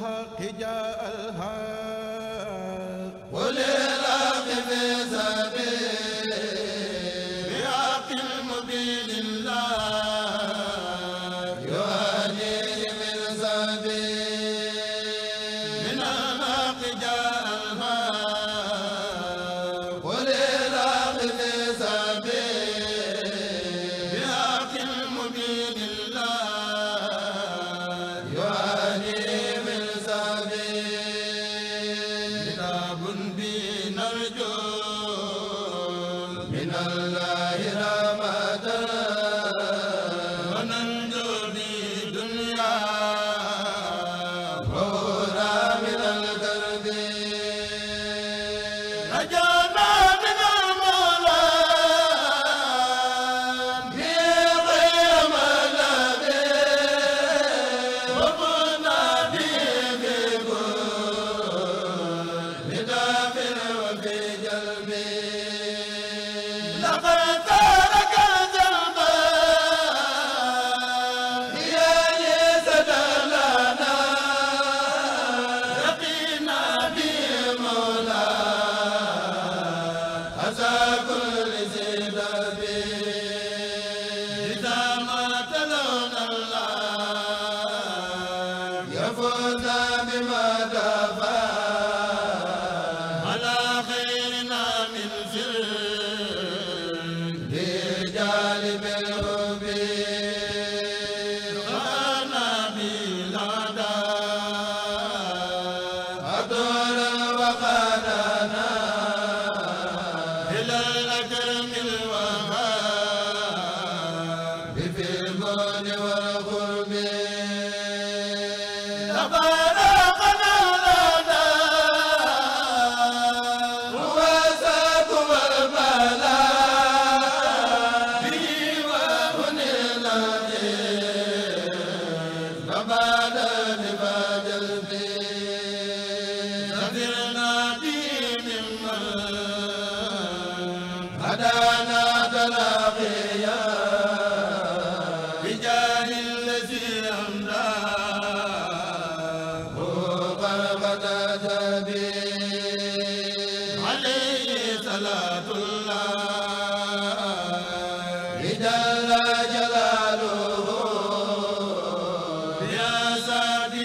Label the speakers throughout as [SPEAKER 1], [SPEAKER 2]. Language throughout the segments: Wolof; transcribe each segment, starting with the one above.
[SPEAKER 1] الحق جاء الحق فاز بما Baba sadi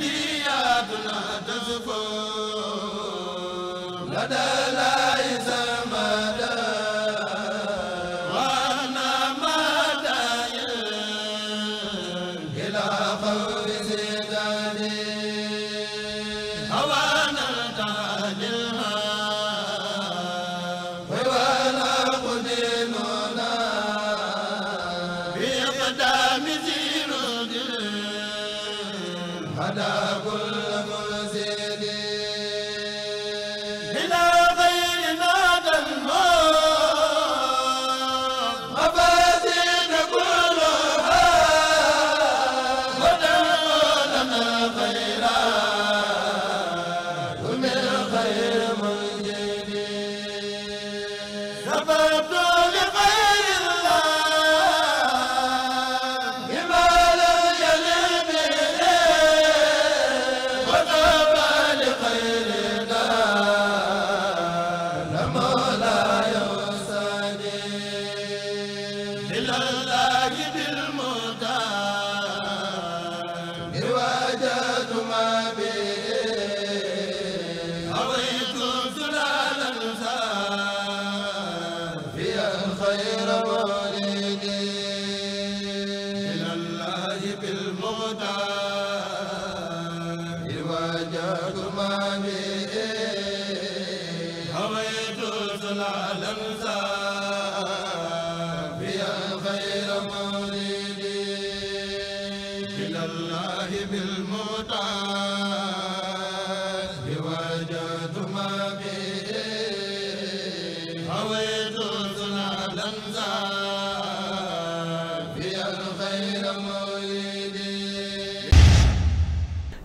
[SPEAKER 1] ila ada kul muzi بالمتعب